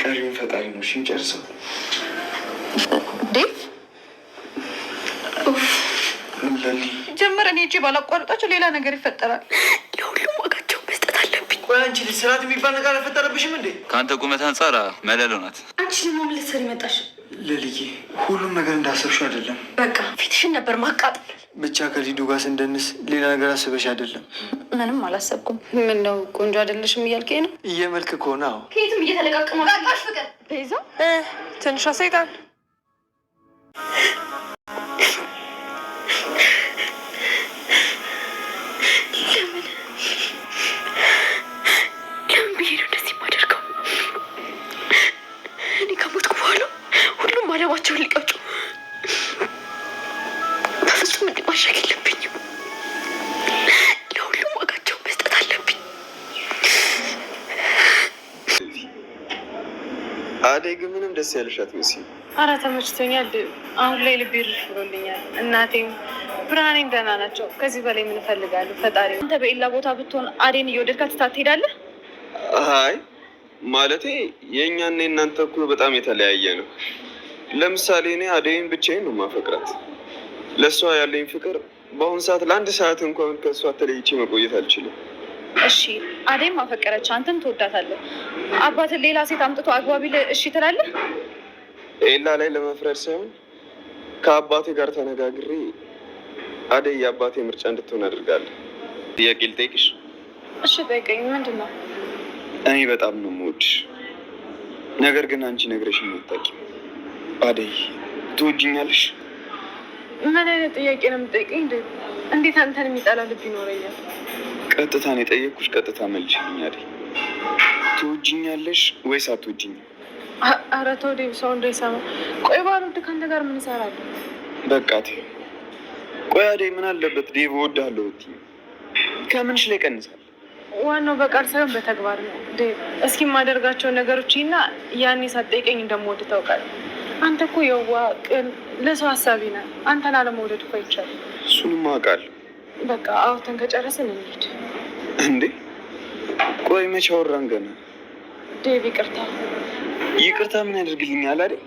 ቀሪውን ፈጣሪ ነው ሽንጨርሰው ጀመረ እኔ እጄ ባላቋርጣቸው ሌላ ነገር ይፈጠራል። ለሁሉም ዋጋቸው መስጠት አለብኝ። ቆይ አንቺ ልጅ ስርዓት የሚባል ነገር አልፈጠረብሽም እንዴ? ከአንተ ቁመት አንጻር መለሎ ናት። አንቺ ደግሞ ምን ልትሰሪ መጣሽ? ልልዬ ሁሉም ነገር እንዳሰብሽው አይደለም። በቃ ፊትሽን ነበር ማቃጠል። ብቻ ከሊዱ ጋር ስንደንስ ሌላ ነገር አስበሽ አይደለም። ምንም አላሰብኩም። ምን ነው ቆንጆ አይደለሽም እያልከኝ ነው? እየመልክ ከሆነ አዎ። ከየትም እየተለቃቀመ በቃሽ። ፍቅር ቤዛ ትንሿ ሰይጣን ደስ ያልሻት መሲ? አረ ተመችቶኛል። አሁን ላይ ልቤ ርሽ ብሎልኛል። እናቴም ብርሃኔም ደህና ናቸው። ከዚህ በላይ ምን እፈልጋለሁ? ፈጣሪ አንተ በኢላ ቦታ ብትሆን አዴን እየወደድካት ትታት ትሄዳለህ? አይ ማለቴ የእኛና የእናንተ እኮ በጣም የተለያየ ነው። ለምሳሌ እኔ አዴይን ብቻዬን ነው ማፈቅራት። ለእሷ ያለኝ ፍቅር በአሁኑ ሰዓት ለአንድ ሰዓት እንኳን ከእሷ ተለይቼ መቆየት አልችልም። እሺ አደይም አፈቀረች፣ አንተም ትወዳታለህ። አባትን ሌላ ሴት አምጥቶ አግባቢ እሺ ትላለህ? ኤላ ላይ ለመፍረድ ሳይሆን ከአባቴ ጋር ተነጋግሬ አደይ የአባቴ ምርጫ እንድትሆን አድርጋለሁ። ጥያቄ ልጠይቅሽ? እሺ ጠይቀኝ። ምንድን ነው? እኔ በጣም ነው የምወድሽ፣ ነገር ግን አንቺ ነግረሽ የማታውቂው አደይ ትወጅኛለሽ ምን አይነት ጥያቄ ነው የምጠይቀኝ? እንዴት አንተን የሚጠላ ልብ ይኖረኛል? ቀጥታ ነው የጠየኩሽ፣ ቀጥታ መልሽልኛል። ትወጂኛለሽ ወይስ አትወጂኝም? ኧረ ተው ዴቭ፣ ሰው እንዳይሰማ። ቆይ ባሉድ ከአንተ ጋር ምን እሰራለሁ? በቃ ተይው። ቆይ አደይ፣ ምን አለበት ዴቭ እወድሃለሁ ብትይኝ፣ ከምንሽ ላይ ቀንሳል። ዋናው በቃል ሳይሆን በተግባር ነው ዴቭ። እስኪ የማደርጋቸው ነገሮች እና ያኔ ሳትጠይቀኝ እንደምወድ ታውቃለህ። አንተ እኮ የዋ ቅን፣ ለሰው ሀሳቢ ነህ። አንተን አለመውደድ እኮ ይቻል። እሱንም አውቃለሁ። በቃ አውርተን ከጨረስን እንሂድ። እንዴ ቆይ መቼ አወራን ገና? ዴቭ ይቅርታ ይቅርታ ምን ያደርግልኛል አይደል?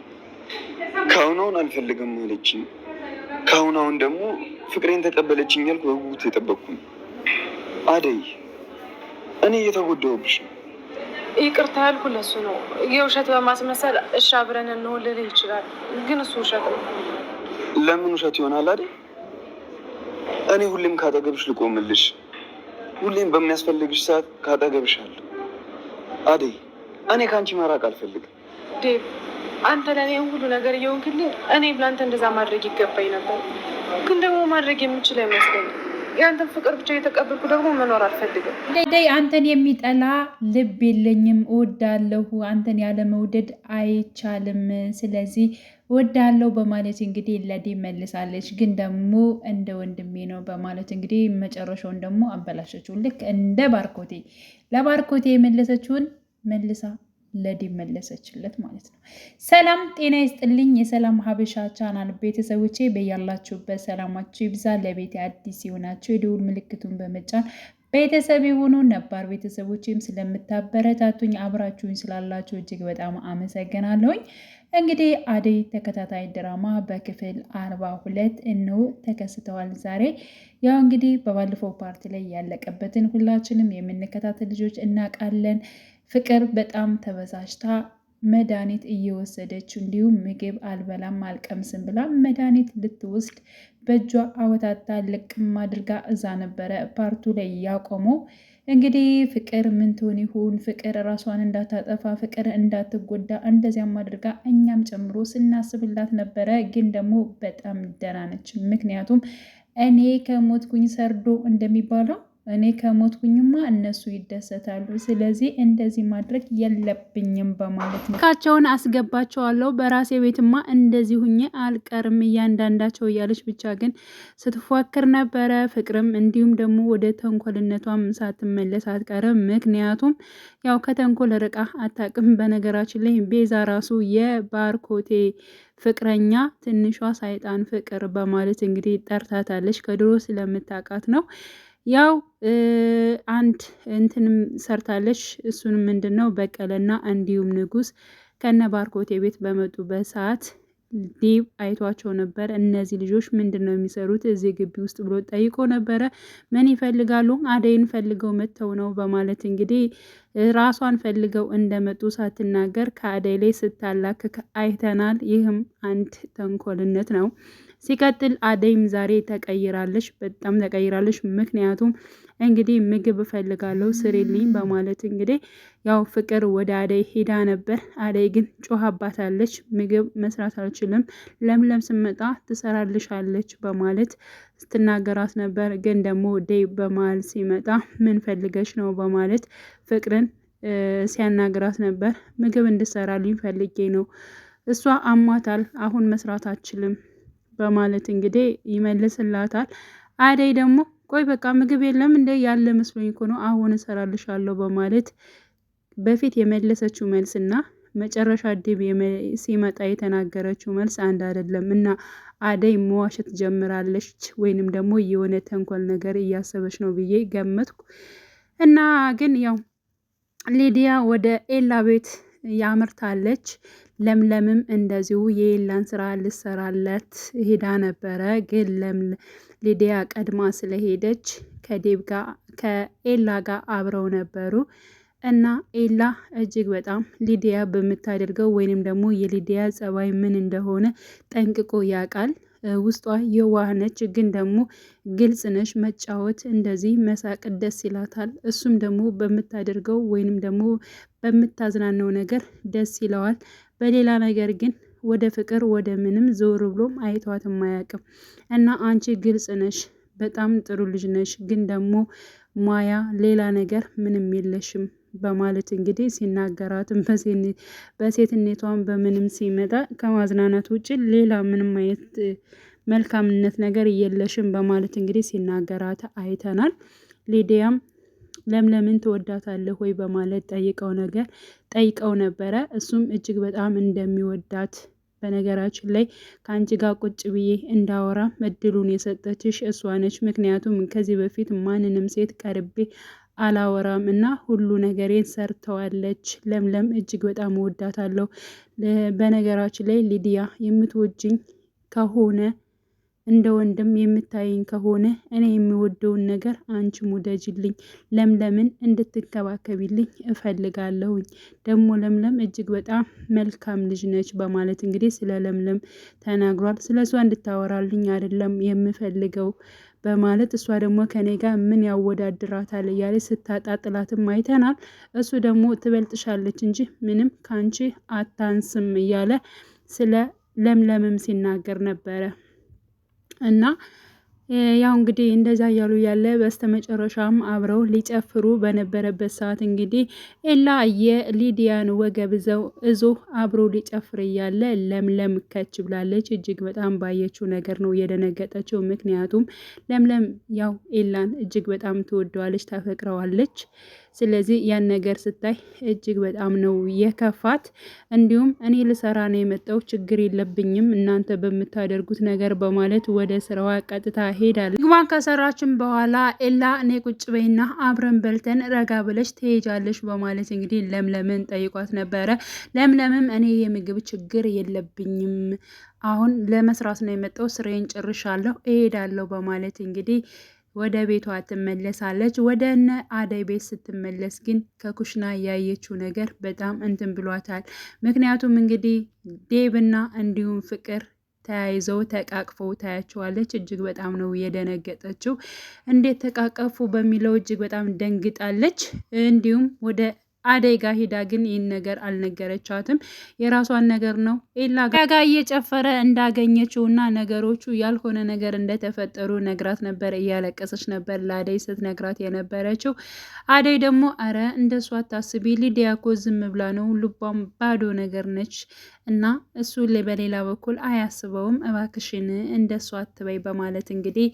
ከአሁን አሁን አልፈልግም አለችኝ። ከአሁን አሁን ደግሞ ፍቅሬን ተቀበለችኝ ያልኩ በጉጉት የጠበቅኩኝ አደይ፣ እኔ እየተጎዳሁብሽ ነው። ይቅርታ ያልኩ ለሱ ነው። የውሸት በማስመሰል እሺ አብረን እንሆን ልልህ ይችላል፣ ግን እሱ ውሸት ነው። ለምን ውሸት ይሆናል አይደል? እኔ ሁሌም ካጠገብሽ ልቆምልሽ ሁሌም በሚያስፈልግሽ ሰዓት ካጠገብሻለሁ። አደይ፣ እኔ ከአንቺ መራቅ አልፈልግም። ዴቭ፣ አንተ ለእኔ ሁሉ ነገር እየሆንክልኝ፣ እኔ ብላንተ እንደዛ ማድረግ ይገባኝ ነበር፣ ግን ደግሞ ማድረግ የምችል አይመስለኝም። የአንተን ፍቅር ብቻ እየተቀበልኩ ደግሞ መኖር አልፈልግም። ደይ አንተን የሚጠላ ልብ የለኝም። እወዳለሁ። አንተን ያለ መውደድ አይቻልም። ስለዚህ ወዳለው በማለት እንግዲህ ለዲ መልሳለች። ግን ደግሞ እንደ ወንድሜ ነው በማለት እንግዲህ መጨረሻውን ደግሞ አበላሸችው። ልክ እንደ ባርኮቴ ለባርኮቴ የመለሰችውን መልሳ ለዲ መለሰችለት ማለት ነው። ሰላም ጤና ይስጥልኝ። የሰላም ሀበሻ ቻናል ቤተሰቦቼ በያላችሁበት ሰላማችሁ ይብዛ። ለቤት አዲስ የሆናችሁ የደውል ምልክቱን በመጫን ቤተሰብ የሆኑ ነባር ቤተሰቦችም ስለምታበረታቱኝ አብራችሁኝ ስላላችሁ እጅግ በጣም አመሰግናለሁኝ። እንግዲህ አደይ ተከታታይ ድራማ በክፍል አርባ ሁለት እነሆ ተከስተዋል። ዛሬ ያው እንግዲህ በባለፈው ፓርቲ ላይ ያለቀበትን ሁላችንም የምንከታተል ልጆች እናውቃለን። ፍቅር በጣም ተበሳጭታ መድኃኒት እየወሰደች እንዲሁም ምግብ አልበላም አልቀምስም ብላ መድኃኒት ልትወስድ በእጇ አወታታ ልቅም አድርጋ እዛ ነበረ ፓርቱ ላይ ያቆመው። እንግዲህ ፍቅር ምን ትሆን ይሆን? ፍቅር ራሷን እንዳታጠፋ፣ ፍቅር እንዳትጎዳ፣ እንደዚያም አድርጋ እኛም ጨምሮ ስናስብላት ነበረ። ግን ደግሞ በጣም ደህና ነች። ምክንያቱም እኔ ከሞትኩኝ ሰርዶ እንደሚባለው እኔ ከሞትኩኝማ እነሱ ይደሰታሉ። ስለዚህ እንደዚህ ማድረግ የለብኝም በማለት ነው ካቸውን አስገባቸዋለሁ። በራሴ ቤትማ እንደዚህ ሁኜ አልቀርም እያንዳንዳቸው እያለች ብቻ ግን ስትፎክር ነበረ። ፍቅርም እንዲሁም ደግሞ ወደ ተንኮልነቷም ሳትመለስ አትቀርም። ምክንያቱም ያው ከተንኮል ርቃ አታውቅም። በነገራችን ላይ ቤዛ ራሱ የባርኮቴ ፍቅረኛ ትንሿ ሳይጣን ፍቅር በማለት እንግዲህ ጠርታታለች። ከድሮ ስለምታውቃት ነው ያው አንድ እንትንም ሰርታለች። እሱንም ምንድን ነው በቀለና እንዲሁም ንጉስ ከነ ባርኮቴ ቤት በመጡበት ሰዓት ዴብ አይቷቸው ነበር። እነዚህ ልጆች ምንድን ነው የሚሰሩት እዚህ ግቢ ውስጥ ብሎ ጠይቆ ነበረ። ምን ይፈልጋሉ? አደይን ፈልገው መጥተው ነው በማለት እንግዲህ ራሷን ፈልገው እንደመጡ ሳትናገር ከአደይ ላይ ስታላክክ አይተናል። ይህም አንድ ተንኮልነት ነው። ሲቀጥል አደይም ዛሬ ተቀይራለች፣ በጣም ተቀይራለች። ምክንያቱም እንግዲህ ምግብ እፈልጋለሁ ስሪልኝ በማለት እንግዲህ ያው ፍቅር ወደ አደይ ሄዳ ነበር። አደይ ግን ጮሃባታለች፣ ምግብ መስራት አልችልም፣ ለምለም ስመጣ ትሰራልሻለች በማለት ስትናገራት ነበር። ግን ደግሞ ደይ በመሀል ሲመጣ ምን ፈልገሽ ነው በማለት ፍቅርን ሲያናግራት ነበር። ምግብ እንድሰራልኝ ፈልጌ ነው፣ እሷ አሟታል፣ አሁን መስራት አችልም በማለት እንግዲህ ይመልስላታል። አደይ ደግሞ ቆይ በቃ ምግብ የለም እንደ ያለ መስሎኝ እኮ ነው አሁን እሰራልሻለሁ በማለት በፊት የመለሰችው መልስ መልስና መጨረሻ ድብ ሲመጣ የተናገረችው መልስ አንድ አይደለም እና አደይ መዋሸት ጀምራለች፣ ወይንም ደግሞ የሆነ ተንኮል ነገር እያሰበች ነው ብዬ ገመትኩ እና ግን ያው ሊዲያ ወደ ኤላ ቤት ያመርታለች። ለምለምም እንደዚሁ የኤላን ስራ ልሰራለት ሄዳ ነበረ። ግን ሊዲያ ቀድማ ስለሄደች ከዴብ ጋር ከኤላ ጋር አብረው ነበሩ እና ኤላ እጅግ በጣም ሊዲያ በምታደርገው ወይንም ደግሞ የሊዲያ ጸባይ ምን እንደሆነ ጠንቅቆ ያውቃል። ውስጧ የዋህ ነች፣ ግን ደግሞ ግልጽ ነች። መጫወት እንደዚህ መሳቅ ደስ ይላታል። እሱም ደግሞ በምታደርገው ወይንም ደግሞ በምታዝናነው ነገር ደስ ይለዋል። በሌላ ነገር ግን ወደ ፍቅር ወደ ምንም ዞር ብሎም አይቷትም አያውቅም። እና አንቺ ግልጽ ነሽ፣ በጣም ጥሩ ልጅ ነሽ፣ ግን ደግሞ ማያ ሌላ ነገር ምንም የለሽም በማለት እንግዲህ ሲናገራትም በሴትነቷን በምንም ሲመጣ ከማዝናናት ውጭ ሌላ ምንም አይነት መልካምነት ነገር የለሽም በማለት እንግዲህ ሲናገራት አይተናል። ሊዲያም ለምለምን ትወዳታለህ ወይ በማለት ጠይቀው ነገር ጠይቀው ነበረ። እሱም እጅግ በጣም እንደሚወዳት በነገራችን ላይ ከአንቺ ጋር ቁጭ ብዬ እንዳወራ እድሉን የሰጠችሽ እሷ ነች። ምክንያቱም ከዚህ በፊት ማንንም ሴት ቀርቤ አላወራም እና ሁሉ ነገሬን ሰርተዋለች። ለምለም እጅግ በጣም እወዳታለሁ። በነገራችን ላይ ሊዲያ የምትወጅኝ ከሆነ እንደ ወንድም የምታየኝ ከሆነ እኔ የሚወደውን ነገር አንቺ ውደጅልኝ፣ ለምለምን እንድትንከባከቢልኝ እፈልጋለሁኝ። ደግሞ ለምለም እጅግ በጣም መልካም ልጅ ነች በማለት እንግዲህ ስለ ለምለም ተናግሯል። ስለ እሷ እንድታወራልኝ አይደለም የምፈልገው በማለት እሷ ደግሞ ከኔ ጋር ምን ያወዳድራታል እያለ ስታጣጥላትም አይተናል። እሱ ደግሞ ትበልጥሻለች እንጂ ምንም ከአንቺ አታንስም እያለ ስለ ለምለምም ሲናገር ነበረ። እና ያው እንግዲህ እንደዛ እያሉ ያለ በስተመጨረሻም አብረው ሊጨፍሩ በነበረበት ሰዓት እንግዲህ ኤላ የሊዲያን ወገብ ዘው እዞ አብሮ ሊጨፍር እያለ ለምለም ከች ብላለች። እጅግ በጣም ባየችው ነገር ነው የደነገጠችው። ምክንያቱም ለምለም ያው ኤላን እጅግ በጣም ትወደዋለች፣ ታፈቅረዋለች። ስለዚህ ያን ነገር ስታይ እጅግ በጣም ነው የከፋት። እንዲሁም እኔ ልሰራ ነው የመጣው ችግር የለብኝም እናንተ በምታደርጉት ነገር በማለት ወደ ስራዋ ቀጥታ ሄዳለች። ምግቧን ከሰራችን በኋላ ኤላ እኔ ቁጭ በይና አብረን በልተን ረጋ ብለሽ ትሄጃለሽ በማለት እንግዲህ ለምለምን ጠይቋት ነበረ። ለምለምም እኔ የምግብ ችግር የለብኝም አሁን ለመስራት ነው የመጣው ስራዬን ጨርሻለሁ እሄዳለሁ በማለት እንግዲህ ወደ ቤቷ ትመለሳለች። ወደ እነ አደይ ቤት ስትመለስ ግን ከኩሽና ያየችው ነገር በጣም እንትን ብሏታል። ምክንያቱም እንግዲህ ዴብና እንዲሁም ፍቅር ተያይዘው ተቃቅፈው ታያቸዋለች። እጅግ በጣም ነው የደነገጠችው። እንዴት ተቃቀፉ በሚለው እጅግ በጣም ደንግጣለች። እንዲሁም ወደ አደይ ጋ ግን ይህን ነገር አልነገረቻትም። የራሷን ነገር ነው ኤላ ጋ እየጨፈረ እና ነገሮቹ ያልሆነ ነገር እንደተፈጠሩ ነግራት ነበር። እያለቀሰች ነበር ለአደይ ስትነግራት የነበረችው። አደይ ደግሞ አረ እንደሷ አታስቢ፣ ሊዲያ እኮ ዝም ብላ ነው፣ ልቧም ባዶ ነገር ነች እና እሱ በሌላ በኩል አያስበውም፣ እባክሽን እንደሷ አትበይ በማለት እንግዲህ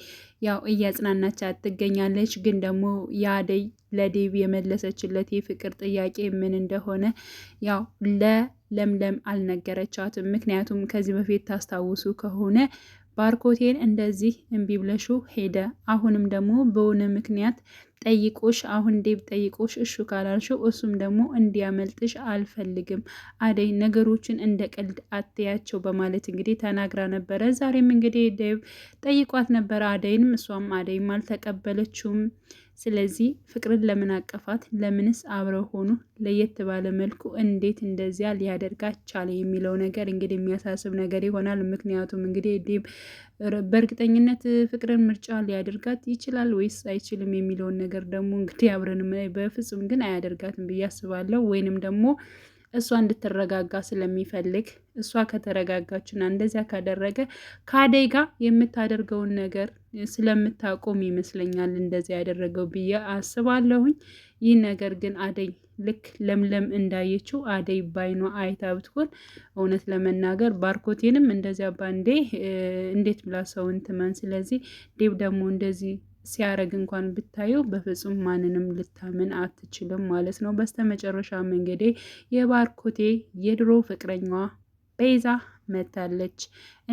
ያው እያጽናናቻት ትገኛለች። ግን ደግሞ ያደይ ለዴብ የመለሰችለት የፍቅር ጥያቄ ምን እንደሆነ ያው ለለምለም አልነገረቻትም። ምክንያቱም ከዚህ በፊት ታስታውሱ ከሆነ ባርኮቴን እንደዚህ እምቢ ሄደ። አሁንም ደግሞ በሆነ ምክንያት ጠይቆሽ አሁን ዴብ ጠይቆሽ እሹ ካላልሽው እሱም ደግሞ እንዲያመልጥሽ አልፈልግም። አደይ ነገሮችን እንደ ቀልድ አትያቸው በማለት እንግዲህ ተናግራ ነበረ። ዛሬም እንግዲህ ዴብ ጠይቋት ነበረ አደይንም እሷም አደይም አልተቀበለችውም። ስለዚህ ፍቅርን ለምን አቀፋት? ለምንስ አብረው ሆኑ? ለየት ባለ መልኩ እንዴት እንደዚያ ሊያደርጋት ቻለ? የሚለው ነገር እንግዲህ የሚያሳስብ ነገር ይሆናል። ምክንያቱም እንግዲህ ዴብ በእርግጠኝነት ፍቅርን ምርጫ ሊያደርጋት ይችላል ወይስ አይችልም የሚለውን ነገር ደግሞ እንግዲህ አብረን በፍጹም ግን አያደርጋትም ብዬ አስባለሁ ወይንም ደግሞ እሷ እንድትረጋጋ ስለሚፈልግ እሷ ከተረጋጋችና እንደዚያ ካደረገ ከአደይ ጋር የምታደርገውን ነገር ስለምታቆም ይመስለኛል እንደዚያ ያደረገው ብዬ አስባለሁኝ። ይህ ነገር ግን አደይ ልክ ለምለም እንዳየችው አደይ ባይኗ አይታ ብትሆን እውነት ለመናገር ባርኮቴንም እንደዚያ ባንዴ እንዴት ብላ ሰውን ትመን። ስለዚህ ዴብ ደግሞ እንደዚህ ሲያረግ እንኳን ብታየው በፍጹም ማንንም ልታምን አትችልም ማለት ነው። በስተመጨረሻም እንግዲህ የባርኮቴ የድሮ ፍቅረኛዋ ቤዛ መታለች።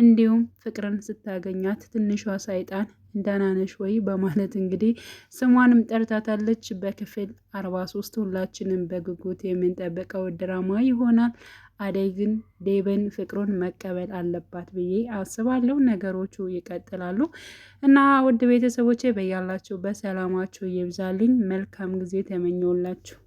እንዲሁም ፍቅርን ስታገኛት ትንሿ ሰይጣን ደህና ነሽ ወይ በማለት እንግዲህ ስሟንም ጠርታታለች። በክፍል አርባ ሶስት ሁላችንም በጉጉት የምንጠብቀው ድራማ ይሆናል። አደይ ግን ዴብን ፍቅሩን መቀበል አለባት ብዬ አስባለሁ። ነገሮቹ ይቀጥላሉ እና ውድ ቤተሰቦቼ በያላችሁ በሰላማችሁ ይብዛልኝ። መልካም ጊዜ ተመኘውላችሁ።